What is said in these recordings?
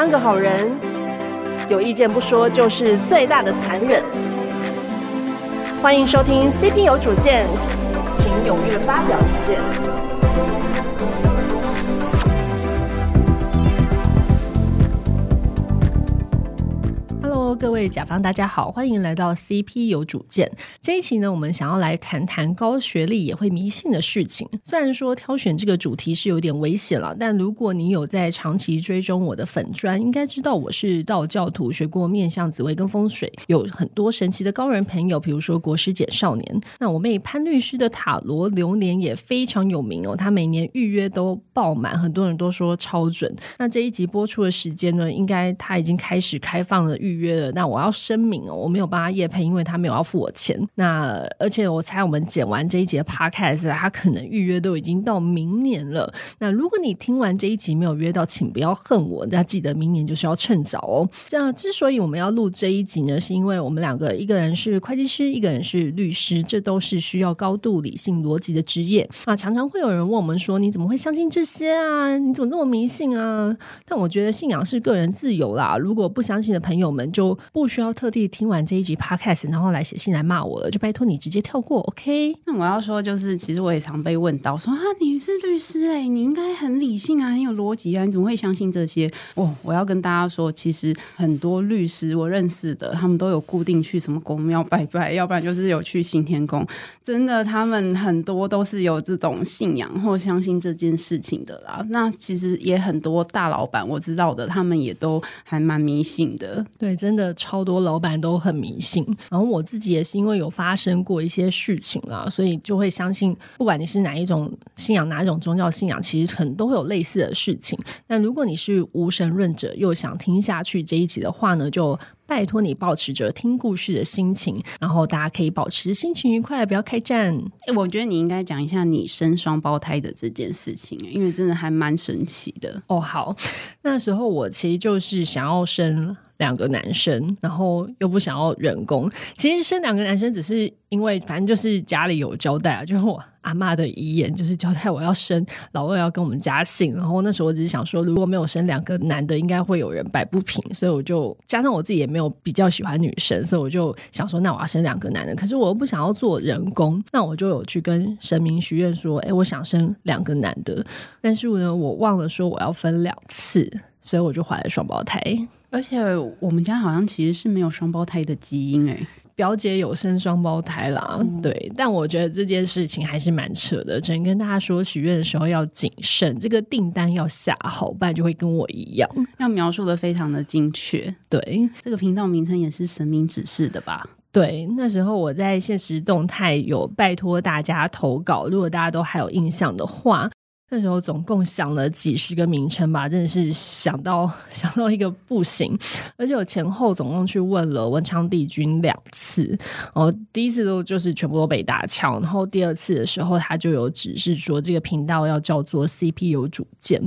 當個好人，有意見不說就是最大的殘忍。歡迎收聽 CP 有主見，請踴躍發表意見。各位甲方大家好，歡迎來到 CP 有主見。這一期呢，我們想要來談談高學歷也會迷信的事情。雖然說挑選這個主題是有點危險了，但如果你有在長期追蹤我的粉專，應該知道我是道教徒，學過面相、紫薇跟風水，有很多神奇的高人朋友，比如說國師姐、少年。那我妹潘律師的塔羅流年也非常有名哦，她每年預約都爆滿，很多人都說超準。那這一集播出的時間呢，應該她已經開始開放了預約了。那我要聲明哦，我沒有幫他業配，因為他沒有要付我錢。那而且我猜我們剪完這一集的 podcast，他可能預約都已經到明年了。那如果你聽完這一集沒有約到，請不要恨我。那記得明年就是要趁早哦，這樣，之所以我們要錄這一集呢，是因為我們兩個一個人是會計師，一個人是律師，這都是需要高度理性邏輯的職業啊。那常常會有人問我們說：“你怎麼會相信這些啊？你怎麼那麼迷信啊？”但我覺得信仰是個人自由啦。如果不相信的朋友們就。不需要特地聽完這一集 podcast，然後來寫信來罵我了，就拜托你直接跳過，OK？那我要說，就是其實我也常被問到說，說啊，你是律師哎、欸，你應該很理性啊，很有邏輯啊，你怎麼會相信這些？我、哦、我要跟大家說，其實很多律師我認識的，他們都有固定去什麼宮廟拜拜，要不然就是有去新天宮，真的，他們很多都是有這種信仰或相信這件事情的啦。那其實也很多大老板我知道的，他們也都還蠻迷信的，對，真的。超多老闆都很迷信，然後我自己也是因為有發生過一些事情啊，所以就會相信，不管你是哪一種信仰，哪一種宗教信仰，其實很都會有類似的事情。那如果你是無神論者，又想聽下去這一集的話呢，就拜托你保持着聽故事的心情，然後大家可以保持心情愉快，不要開戰。哎，我覺得你應該講一下你生雙胞胎的這件事情，因為真的還蠻神奇的。哦，好，那時候我其實就是想要生。兩個男生，然後又不想要人工。其實生兩個男生只是因為，反正就是家裡有交代啊，就是我阿嬤的遺言就是交代我要生老二要跟我們家姓。然後那時候我只是想說，如果沒有生兩個男的，應該會有人擺不平，所以我就加上我自己也沒有比較喜歡女生，所以我就想說，那我要生兩個男的。可是我又不想要做人工，那我就有去跟神明許願說，誒、欸，我想生兩個男的，但是呢，我忘了說我要分兩次。所以我就懷了雙胞胎，而且我們家好像其實是沒有雙胞胎的基因哎、欸，表姐有生雙胞胎啦，嗯、對，但我覺得這件事情還是蠻扯的，只能跟大家說，許願的時候要謹慎，這個訂單要下好，不然就會跟我一樣，嗯、要描述得非常的精確，對，這個頻道名稱也是神明指示的吧？對，那時候我在現實動態有拜託大家投稿，如果大家都還有印象的話。那時候總共想了幾十個名稱吧，真的是想到想到一個不行。而且我前後總共去問了文昌帝君兩次，然後第一次都就是全部都被打槍。然後第二次的時候，他就有指示說這個頻道要叫做 CP 有主見。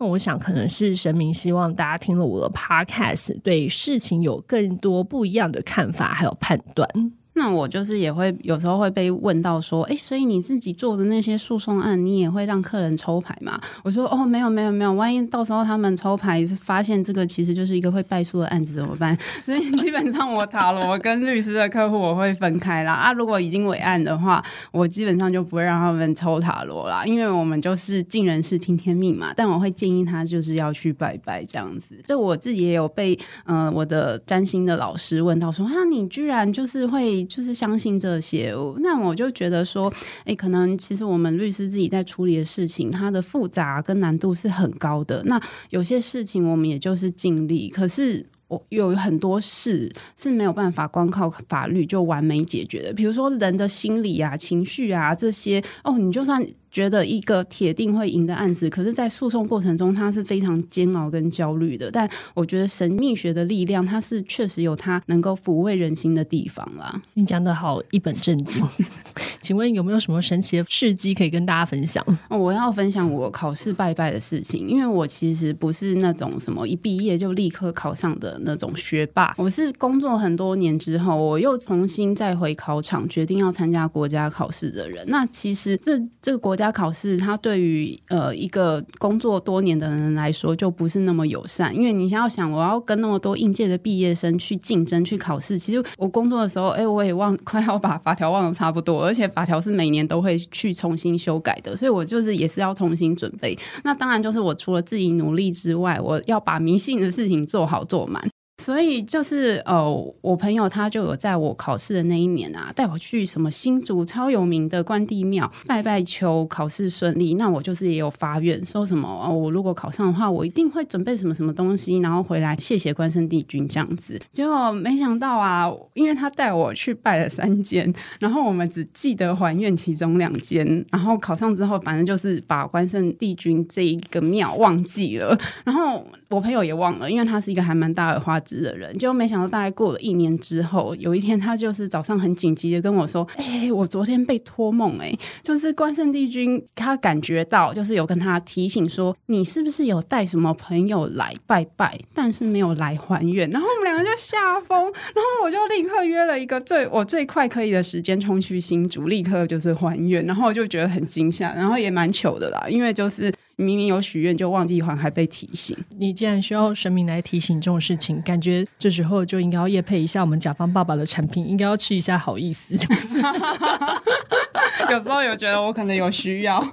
那我想可能是神明希望大家聽了我的 Podcast，對事情有更多不一樣的看法還有判斷。那我就是也會有時候會被問到說，哎、欸，所以你自己做的那些訴訟案，你也會讓客人抽牌嗎？我說，哦，沒有，沒有，沒有。萬一到時候他們抽牌發現這個其實就是一個會敗訴的案子怎麼辦？所以基本上我塔羅跟律師的客戶我會分開啦。啊。如果已經委案的話，我基本上就不會讓他們抽塔羅啦，因為我們就是盡人事聽天命嘛。但我會建議他就是要去拜拜這樣子。就我自己也有被嗯、呃、我的占星的老師問到說，啊，你居然就是會。就是相信這些，那我就覺得說，哎、欸，可能其實我們律師自己在處理的事情，它的複雜跟難度是很高的。那有些事情我們也就是盡力，可是我有很多事是沒有辦法光靠法律就完美解決的。比如說人的心理啊、情緒啊這些，哦，你就算。覺得一個鐵定會贏的案子，可是，在訴訟過程中，他是非常煎熬跟焦慮的。但我覺得神祕學的力量，它是確實有它能夠撫慰人心的地方啦。你講的好一本正經， 請問有沒有什麼神奇的事蹟可以跟大家分享？我要分享我考試拜拜的事情，因為我其實不是那種什麼一畢業就立刻考上的那種學霸，我是工作很多年之後，我又重新再回考場，決定要參加國家考試的人。那其實這這個國家。要考試，他對於呃一個工作多年的人來說就不是那麼友善，因為你想要想，我要跟那麼多應屆的畢業生去競爭去考試，其實我工作的時候，哎、欸，我也忘快要把法條忘得差不多，而且法條是每年都會去重新修改的，所以我就是也是要重新準備。那當然就是我除了自己努力之外，我要把迷信的事情做好做滿。所以就是呃，我朋友他就有在我考試的那一年啊，帶我去什麼新竹超有名的關帝廟拜拜，求考試順利。那我就是也有發願，說什麼哦、呃，我如果考上的話，我一定會準備什麼什麼東西，然後回來謝謝關聖帝君這樣子。結果沒想到啊，因為他帶我去拜了三間，然後我們只記得還願其中兩間，然後考上之後，反正就是把關聖帝君這一個廟忘記了，然後我朋友也忘了，因為他是一個還蠻大的花。職的人，就沒想到大概過了一年之後，有一天他就是早上很緊急的跟我說：“哎、欸，我昨天被托夢、欸，哎，就是關聖帝君他感覺到，就是有跟他提醒說，你是不是有帶什麼朋友來拜拜，但是沒有來還願？然後我們兩個就嚇瘋，然後我就立刻約了一個最我最快可以的時間衝去新竹，立刻就是還願，然後我就覺得很驚嚇，然後也蠻糗的啦，因為就是。”明明有許願就忘記還，還被提醒。你既然需要神明來提醒這種事情，感覺這時候就應該要業配一下我們甲方爸爸的產品，應該要吃一下好意思。 有時候有覺得我可能有需要，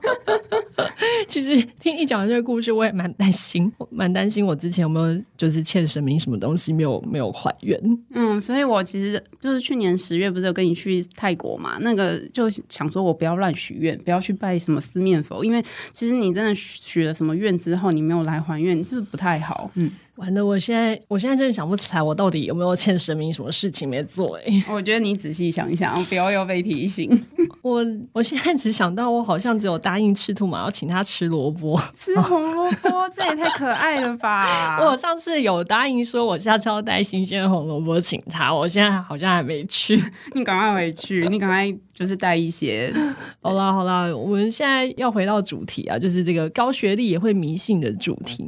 其實聽你講這個故事，我也蠻擔心，蠻擔心我之前有沒有就是欠神明什麼東西沒有沒有還願。嗯，所以我其實就是去年十月不是有跟你去泰國嘛，那個就想說我不要亂許願，不要去拜什麼四面佛，因為其實你真的許了什麼願之後，你沒有來還願，是不是不太好？嗯。完了，我現在我現在真的想不起來，我到底有沒有欠神明什麼事情沒做，欸？哎，我覺得你仔細想一想，我不要又被提醒。 我我現在只想到，我好像只有答應赤兔馬要請他吃蘿蔔，吃紅蘿蔔， 這也太可愛了吧！ 我上次有答應說，我下次要帶新鮮紅蘿蔔請他，我現在好像還沒去。 你趕快回去，你趕快就是帶一些。 好啦好啦，我們現在要回到主題啊，就是這個高學歷也會迷信的主題。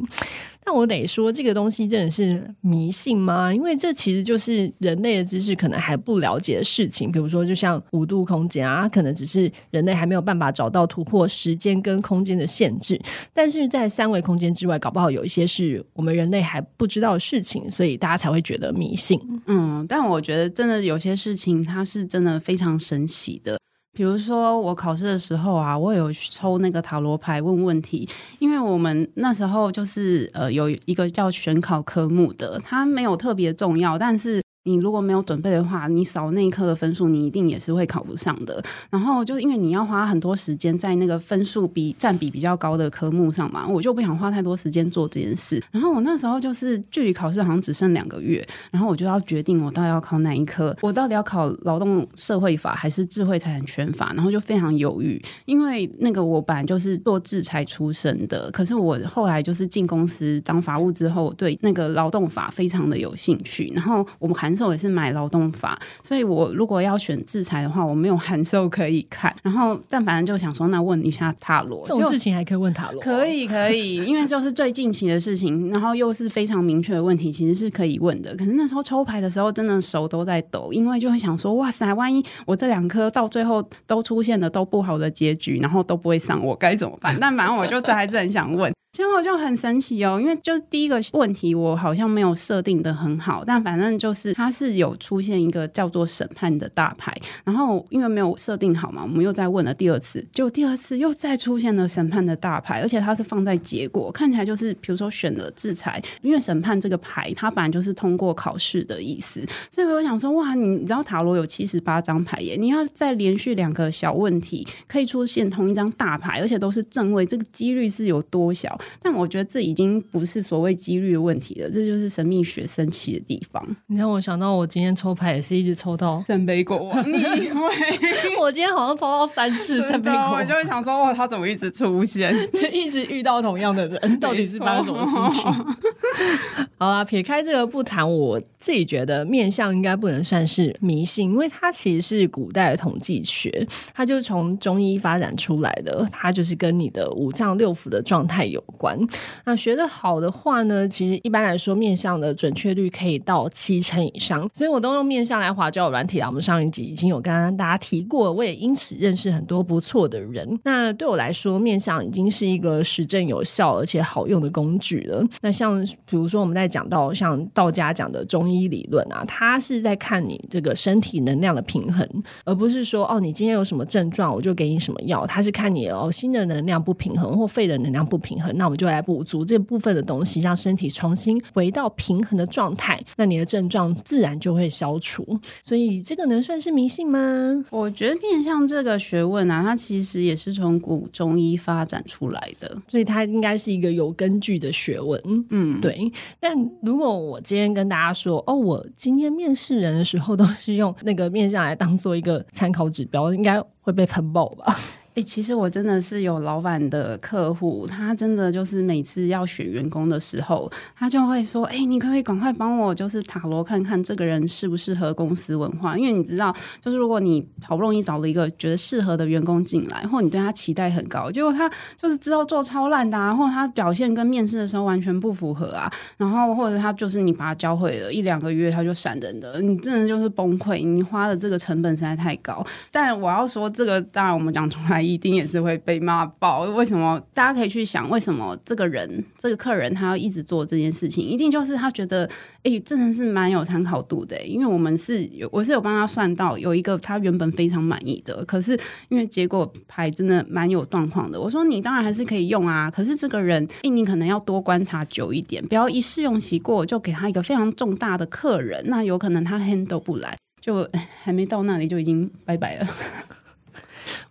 那我得說，這個東西真的是迷信嗎？因為這其實就是人類的知識可能還不了解的事情。比如說，就像五度空間啊，可能只是人類還沒有辦法找到突破時間跟空間的限制。但是在三維空間之外，搞不好有一些是我們人類還不知道的事情，所以大家才會覺得迷信。嗯，但我覺得真的有些事情，它是真的非常神奇的。比如說，我考試的時候啊，我有抽那個塔羅牌問問題，因為我們那時候就是呃有一個叫選考科目的，它沒有特別重要，但是。你如果沒有準備的話，你少那一科的分數，你一定也是會考不上的。然後就因為你要花很多時間在那個分數比占比比較高的科目上嘛，我就不想花太多時間做這件事。然後我那時候就是距離考試好像只剩兩個月，然後我就要決定我到底要考哪一科，我到底要考勞動社會法還是智慧財產權法，然後就非常猶豫。因為那個我本來就是做智財出身的，可是我後來就是進公司當法務之後，對那個勞動法非常的有興趣。然後我們還。受也是買勞動法，所以我如果要選制裁的話，我沒有函授可以看。然後但反正就想說，那問一下塔羅，這種事情還可以問塔羅哦？可以可以，因為就是最近期的事情，然後又是非常明確的問題，其實是可以問的。可是那時候抽牌的時候，真的手都在抖，因為就會想說，哇塞，萬一我這兩顆到最後都出現了都不好的結局，然後都不會上我，我該怎麼辦？但反正我就還是很想問， 結果就很神奇哦，因為就第一個問題我好像沒有設定的很好，但反正就是。它是有出現一個叫做審判的大牌，然後因為沒有設定好嘛，我們又再問了第二次，就第二次又再出現了審判的大牌，而且它是放在結果，看起來就是比如說選了制裁，因為審判這個牌它本來就是通過考試的意思，所以我想說哇，你你知道塔羅有七十八張牌耶，你要再連續兩個小問題可以出現同一張大牌，而且都是正位，這個幾率是有多小？但我覺得這已經不是所謂幾率的問題了，這就是神秘學神奇的地方。你看，我想。想到我今天抽牌也是一直抽到聖杯國王。你以為我今天好像抽到三次聖的杯國王我就會想說 哇，他怎麼一直出現？就 一直遇到同樣的人，到底是發生什麼事情？沒錯 好啦，撇開這個不談，我自己覺得面相應該不能算是迷信，因為他其實是古代的統計學，他就是從中醫發展出來的，他就是跟你的五臟六腑的狀態有關。那學的好的話呢，其實一般來說面相的準確率可以到七成以上。所以，我都用面相來滑交友軟體啊。我們上一集已經有跟大家提過，我也因此認識很多不錯的人。那對我來說，面相已經是一個實證有效而且好用的工具了。那像比如說，我們在講到像道家講的中醫理論啊，他是在看你這個身體能量的平衡，而不是說哦，你今天有什麼症狀，我就給你什麼藥。他是看你哦，心的能量不平衡或肺的能量不平衡，那我們就來補足這個、部分的東西，讓身體重新回到平衡的狀態。那你的症狀，自然就會消除，所以這個能算是迷信嗎？我覺得面相這個學問啊，它其實也是從古中醫發展出來的，所以它應該是一個有根據的學問。嗯，對。但如果我今天跟大家說，哦，我今天面試人的時候都是用那個面相來當做一個參考指標，應該會被噴爆吧？誒、欸，其實我真的是有老闆的客戶，他真的就是每次要選員工的時候，他就會說：“欸，你可不可以趕快幫我就是塔羅看看這個人適不適合公司文化。”因為你知道，就是如果你好不容易找了一個覺得適合的員工進來，然後你對他期待很高，結果他就是知道做超爛的，啊，或他表現跟面試的時候完全不符合啊，然後或者他就是你把他教會了一兩個月他就閃人的，你真的就是崩潰，你花的這個成本實在太高。但我要說，這個當然我們講出來。一定也是會被罵爆。為什麼？大家可以去想，為什麼這個人、這個客人他要一直做這件事情？一定就是他覺得，欸，這人是蠻有參考度的。因為我們是有，我是有幫他算到有一個他原本非常滿意的，可是因為結果牌真的蠻有狀況的。我說你當然還是可以用啊，可是這個人，欸，你可能要多觀察久一點，不要一試用期過就給他一個非常重大的客人。那有可能他 handle 不來，就還沒到那裡就已經拜拜了。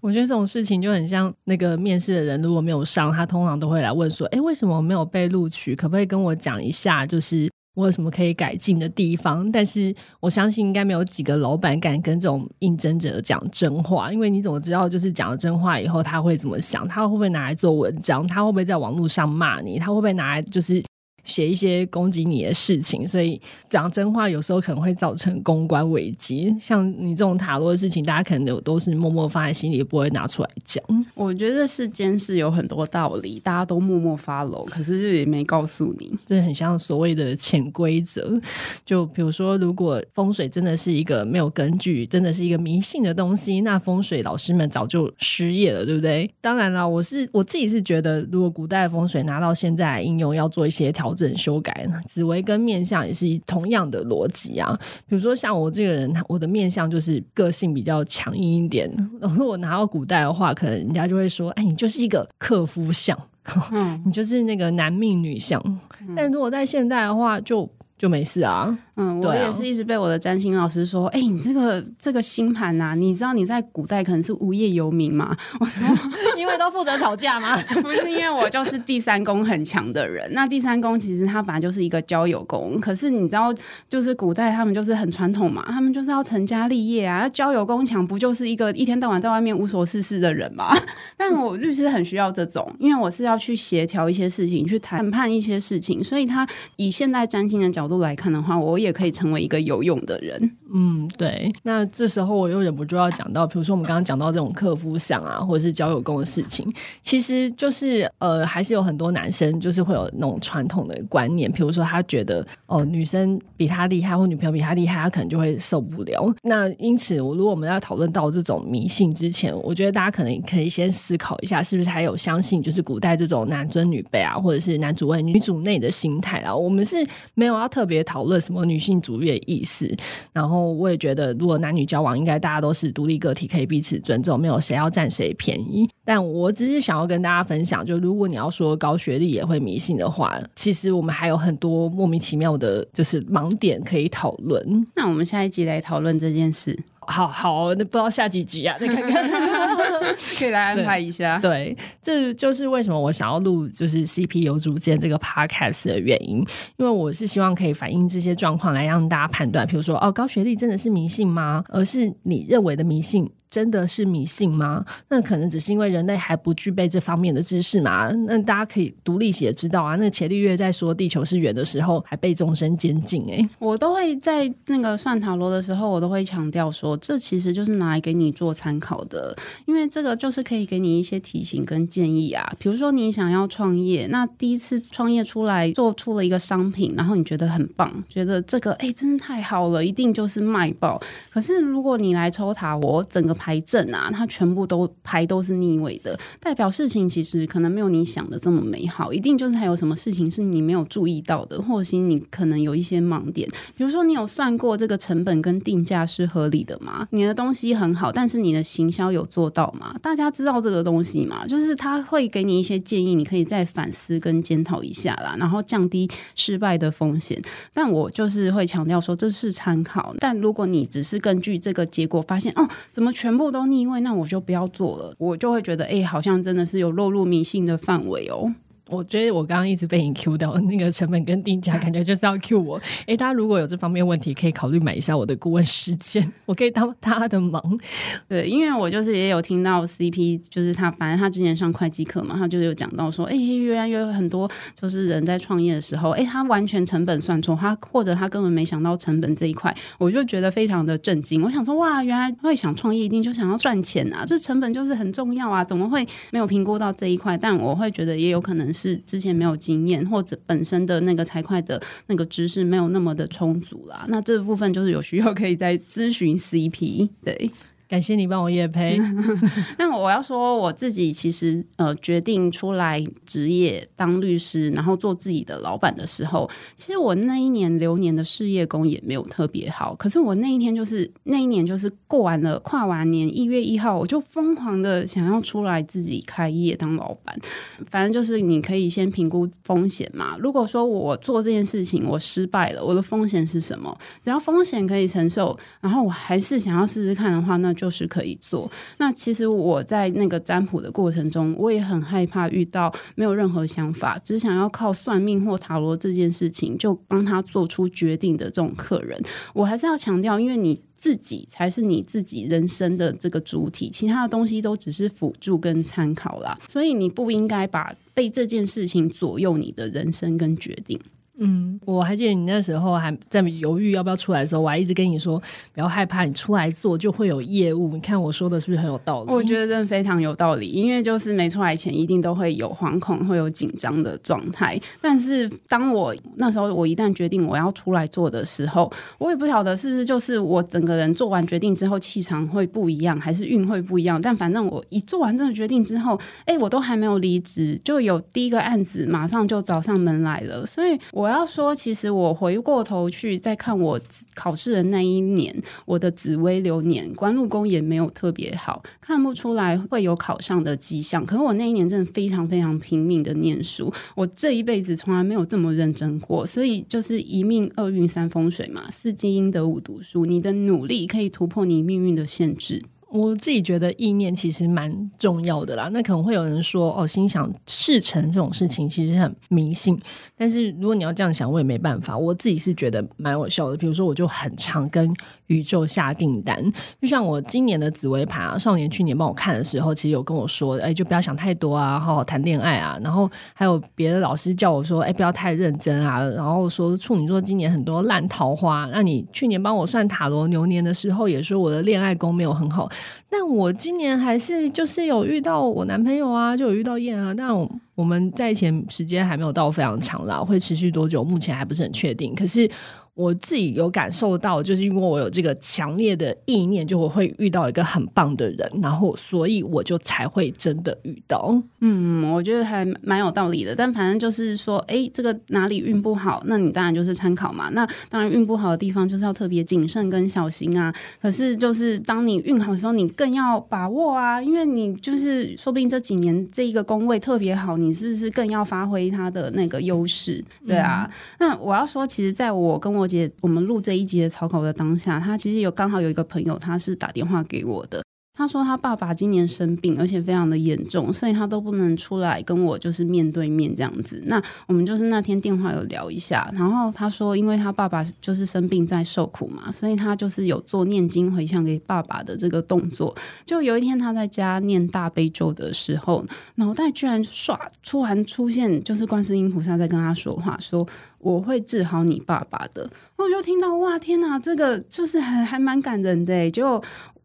我覺得這種事情就很像那個面試的人，如果沒有上，他通常都會來問說：“哎，為什麼我沒有被錄取？可不可以跟我講一下，就是我有什麼可以改進的地方？”但是我相信，應該沒有幾個老闆敢跟這種應徵者講真話，因為你怎麼知道？就是講了真話以後，他會怎麼想？他會不會拿來做文章？他會不會在網絡上罵你？他會不會拿來就是？寫一些攻擊你的事情，所以講真話有時候可能會造成公關危機。像你這種塔羅的事情，大家可能都都是默默放在心裡，不會拿出來講。我覺得世間是有很多道理，大家都默默 follow，可是就也沒告訴你，這很像所謂的潛規則。就比如說，如果風水真的是一個沒有根據，真的是一個迷信的東西，那風水老師們早就失業了，對不對？當然了，我是我自己是覺得，如果古代風水拿到現在來應用，要做一些調。正修改呢，紫微跟面相也是同樣的邏輯啊。比如說像我這個人，我的面相就是個性比較強硬一點。如果拿到古代的話，可能人家就會說：“哎、欸，你就是一個克夫相，你就是那個男命女相。”但如果在現代的話，就就沒事啊。嗯，我也是一直被我的占星老師說，哎、啊，欸，你這個這個星盤吶、啊，你知道你在古代可能是無業遊民嘛？我說 因為都負責吵架嘛？ 不是，因為我就是第三宮很強的人。那第三宮其實它本來就是一個交友宮，可是你知道，就是古代他們就是很傳統嘛，他們就是要成家立業啊，交友宮強不就是一個一天到晚在外面無所事事的人嘛？ 但我律師很需要這種，因為我是要去協調一些事情，去談判一些事情，所以他以現在占星的角度來看的話，我，也可以成為一個有用的人。嗯，對。那這時候我又忍不住要講到，比如說我們剛剛講到這種克夫相啊，或者是交友宮的事情，其實就是呃，還是有很多男生就是會有那種傳統的觀念，比如說他覺得哦、呃，女生比他厲害，或女朋友比他厲害，他可能就會受不了。那因此，我如果我們要討論到這種迷信之前，我覺得大家可能可以先思考一下，是不是還有相信就是古代這種男尊女卑啊，或者是男主外女主內的心態啊？我們是沒有要特別討論什麼女。女性主義的意識，然後我也覺得，如果男女交往，應該大家都是獨立個體，可以彼此尊重，沒有誰要佔誰便宜。但我只是想要跟大家分享，就如果你要說高學歷也會迷信的話，其實我們還有很多莫名其妙的，就是盲點可以討論。那我們下一集來討論這件事。好好，那不知道下幾集啊？再看看， 可以來安排一下對。對，這就是為什麼我想要錄就是 CP 有主見這個 podcast 的原因，因為我是希望可以反映這些狀況，來讓大家判斷，比如說哦，高學歷真的是迷信嗎？而是你認為的迷信。真的是迷信嗎？那可能只是因為人類還不具備這方面的知識嘛。那大家可以讀歷史，也知道啊。那伽利略在說地球是圓的時候，還被終身監禁誒、欸，我都會在那個算塔羅的時候，我都會強調說，這其實就是拿來給你做參考的，因為這個就是可以給你一些提醒跟建議啊。比如說你想要創業，那第一次創業出來做出了一個商品，然後你覺得很棒，覺得這個哎、欸、真的太好了，一定就是賣爆。可是如果你來抽塔，我整個。牌陣啊，它全部都牌都是逆位的，代表事情其實可能沒有你想的這麼美好，一定就是還有什麼事情是你沒有注意到的，或是你可能有一些盲點。比如說，你有算過這個成本跟定價是合理的嗎？你的東西很好，但是你的行銷有做到嗎？大家知道這個東西嗎？就是他會給你一些建議，你可以再反思跟檢討一下啦，然後降低失敗的風險。但我就是會強調說，這是參考。但如果你只是根據這個結果發現哦，怎麼全？全部都逆位，那我就不要做了。我就會覺得，哎、欸，好像真的是有落入迷信的範圍哦。我覺得我剛剛一直被你 Q 到，那個成本跟定價感覺就是要 Q 我。哎、欸，大家如果有這方面問題，可以考慮買一下我的顧問時間，我可以幫他的忙。對，因為我就是也有聽到 CP，就是他，反正他之前上會計課嘛，他就有講到說，哎、欸，原來有很多就是人在創業的時候，哎、欸，他完全成本算錯，他或者他根本沒想到成本這一塊，我就覺得非常的震驚。我想說，哇，原來會想創業一定就想要賺錢啊，這成本就是很重要啊，怎麼會沒有評估到這一塊？但我會覺得也有可能是。是之前沒有經驗，或者本身的那個財會的那個知識沒有那麼的充足啦，那這部分就是有需要可以再諮詢 CP，對。感謝你幫我業配。那我要說我自己，其實呃，決定出來職業當律師，然後做自己的老板的時候，其實我那一年流年的事業工也沒有特別好。可是我那一天就是那一年就是過完了，跨完年一月一號，我就瘋狂的想要出來自己開業當老板。反正就是你可以先評估風險嘛。如果說我做這件事情我失敗了，我的風險是什麼？只要風險可以承受，然後我還是想要試試看的話，那就。就是可以做。那其實我在那個占卜的過程中，我也很害怕遇到沒有任何想法，只想要靠算命或塔羅這件事情就幫他做出決定的這種客人。我還是要強調，因為你自己才是你自己人生的這個主體，其他的東西都只是輔助跟參考啦，所以你不應該把被這件事情左右你的人生跟決定。嗯，我還記得你那時候還在猶豫要不要出來的時候，我還一直跟你說不要害怕，你出來做就會有業務。你看我說的是不是很有道理？我覺得真的非常有道理，因為就是沒出來前一定都會有惶恐、會有緊張的狀態。但是當我那時候我一旦決定我要出來做的時候，我也不曉得是不是就是我整個人做完決定之後氣場會不一樣，還是運會不一樣。但反正我一做完這個決定之後，哎、欸，我都還沒有離職，就有第一個案子馬上就找上門來了，所以我要……不要說，其實我回過頭去再看我考試的那一年，我的紫微流年、官祿宮也沒有特別好，看不出來會有考上的跡象。可是我那一年真的非常非常拼命的念書，我這一輩子從來沒有這麼認真過。所以就是一命二運三風水嘛，四積陰德五讀書。你的努力可以突破你命運的限制。我自己覺得意念其實蠻重要的啦。那可能會有人說，哦，心想事成這種事情其實很迷信。但是如果你要這樣想，我也沒辦法。我自己是覺得蠻有效的。比如說，我就很常跟宇宙下訂單，就像我今年的紫微盤啊。少年去年幫我看的時候，其實有跟我說：“哎，就不要想太多啊，好好談戀愛啊。”然後還有別的老師叫我說：“哎，不要太認真啊。”然後說處女座今年很多爛桃花。那你去年幫我算塔羅牛年的時候，也說我的戀愛宮沒有很好。但我今年還是就是有遇到我男朋友啊，就有遇到燕啊。但我們在前時間還沒有到非常長啦，會持續多久？目前還不是很確定。可是我自己有感受到，就是因為我有這個強烈的意念，就我會遇到一個很棒的人，然後所以我就才會真的遇到。嗯，我覺得還蠻有道理的。但反正就是說，誒，這個哪裡運不好，那你當然就是參考嘛。那當然運不好的地方就是要特別謹慎跟小心啊。可是就是當你運好的時候，你更要把握啊，因為你就是說不定這幾年這一個宮位特別好，你是不是更要發揮它的那個優勢？對啊，嗯、那我要說，其實在我跟我姐我們錄這一集的草稿的當下，他其實有剛好有一個朋友，他是打電話給我的。他說他爸爸今年生病，而且非常的嚴重，所以他都不能出來跟我就是面對面這樣子。那我們就是那天電話有聊一下，然後他說，因為他爸爸就是生病在受苦嘛，所以他就是有做念經回向給爸爸的這個動作。就有一天他在家念大悲咒的時候，腦袋居然刷突然出現，就是觀世音菩薩在跟他說話，說我會治好你爸爸的。我就聽到哇天吶，這個就是還還蠻感人的，就。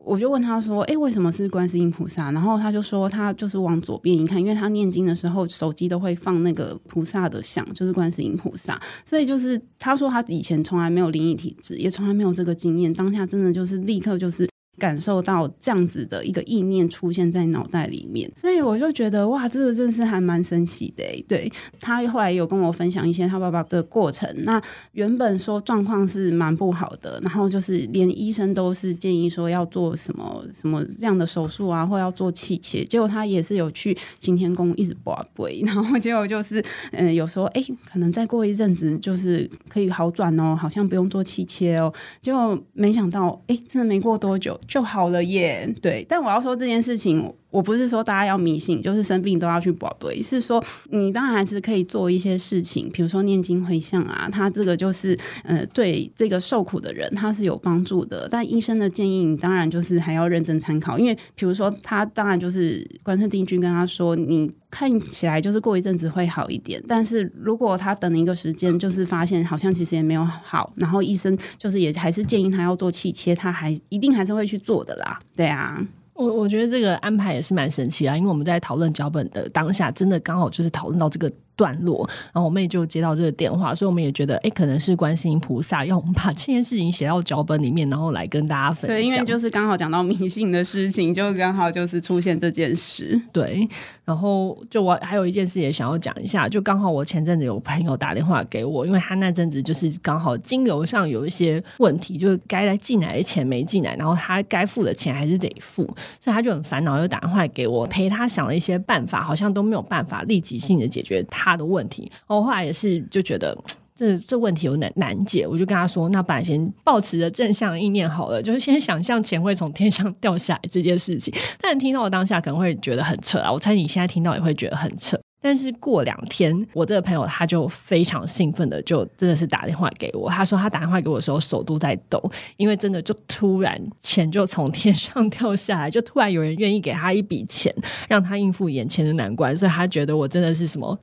我就問他說：“誒、欸，為什麼是觀世音菩薩？”然後他就說：“他就是往左邊一看，因為他念經的時候手機都會放那個菩薩的像，就是觀世音菩薩。所以就是他說他以前從來沒有靈異體質，也從來沒有這個經驗，當下真的就是立刻就是。”感受到這樣子的一個意念出現在腦袋裡面，所以我就覺得哇，這個真的是還蠻神奇的、欸。對，他後來有跟我分享一些他爸爸的過程，那原本說狀況是蠻不好的，然後就是連醫生都是建議說要做什麼什麼這樣的手術啊，或要做氣切。結果他也是有去行天宮一直博杯。然後結果就是嗯、呃，有時候哎，可能再過一陣子就是可以好轉哦，好像不用做氣切哦，結果沒想到哎、欸，真的沒過多久。就好了耶，對，但我要說這件事情。我不是說大家要迷信，就是生病都要去保。對，是說你當然還是可以做一些事情，比如說念經回向啊，他這個就是呃，對這個受苦的人他是有幫助的。但醫生的建議，你當然就是還要認真參考，因為比如說他當然就是關聖帝君跟他說，你看起來就是過一陣子會好一點，但是如果他等了一個時間，就是發現好像其實也沒有好，然後醫生就是也還是建議他要做氣切，他還一定還是會去做的啦，對啊。我我覺得這個安排也是蠻神奇啊，因為我們在討論腳本的當下，真的剛好就是討論到這個。段落，然後我妹就接到這個電話，所以我們也覺得，哎，可能是觀世音菩薩，要我們把這件事情寫到腳本裡面，然後來跟大家分享。對，因為就是剛好講到迷信的事情，就剛好就是出現這件事。對，然後就我還有一件事也想要講一下，就剛好我前陣子有朋友打電話給我，因為他那陣子就是剛好金流上有一些問題，就是該來進來的錢沒進來，然後他該付的錢還是得付，所以他就很煩惱，又打電話給我陪他想了一些辦法，好像都沒有辦法立即性的解決他。他的問題，我後來也是就覺得這這問題有難難解，我就跟他說：“那板型抱持着正向意念好了，就是先想象錢會從天上掉下來這件事情。”但聽到的當下可能會覺得很扯啊，我猜你現在聽到也會覺得很扯。但是過兩天，我這個朋友他就非常興奮的，就真的是打電話給我，他說他打電話給我的時候手都在抖，因為真的就突然錢就從天上掉下來，就突然有人願意給他一筆錢，讓他應付眼前的難關，所以他覺得我真的是什麼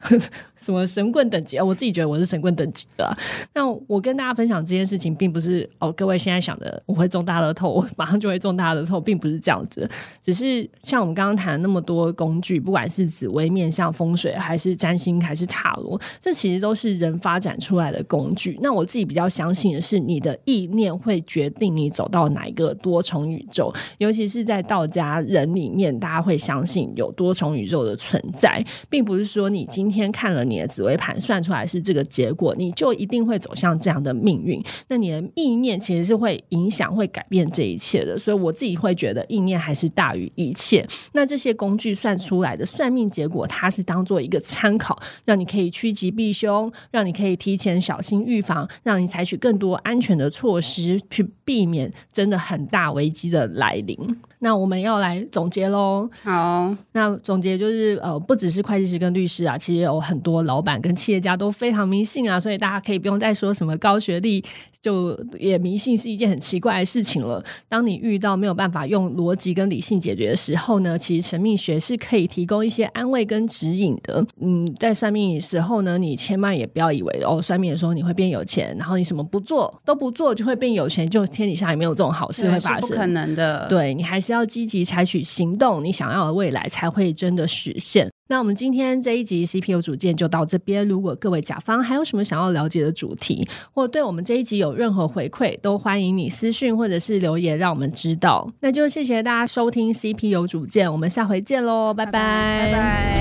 什麼神棍等級啊、哦，我自己覺得我是神棍等級的、啊。那我跟大家分享這件事情，並不是哦，各位現在想着我會中大樂透，我馬上就會中大樂透，並不是這樣子，只是像我們剛剛談那麼多工具，不管是紫微、面相風水。水還是占星，還是塔羅，這其實都是人發展出來的工具。那我自己比較相信的是，你的意念會決定你走到哪一個多重宇宙。尤其是在道家人裡面，大家會相信有多重宇宙的存在，並不是說你今天看了你的紫微盤算出來是這個結果，你就一定會走向這樣的命運。那你的意念其實是會影響、會改變這一切的。所以我自己會覺得，意念還是大於一切。那這些工具算出來的算命結果，它是當做做一個參考，讓你可以趨吉避凶，讓你可以提前小心預防，讓你採取更多安全的措施，去避免真的很大危機的來臨。那我們要來總結嘍。好哦，那總結就是，呃，不只是會計師跟律師啊，其實有很多老板跟企業家都非常迷信啊。所以大家可以不用再說什麼高學歷就也迷信是一件很奇怪的事情了。當你遇到沒有辦法用邏輯跟理性解決的時候呢，其實神秘學是可以提供一些安慰跟指引的。嗯，在算命的時候呢，你千萬也不要以為哦，算命的時候你會變有錢，然後你什麼不做都不做就會變有錢，就天底下也沒有這種好事會發生，是不可能的。對你還是要。要積極採取行動，你想要的未來才會真的實現。那我們今天這一集 CP 有意見就到這邊。如果各位甲方還有什麼想要了解的主題，或對我們這一集有任何回饋，都歡迎你私訊或者是留言讓我們知道。那就謝謝大家收聽 CP 有意見，我們下回見嘍，拜拜拜拜，拜拜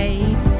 拜拜。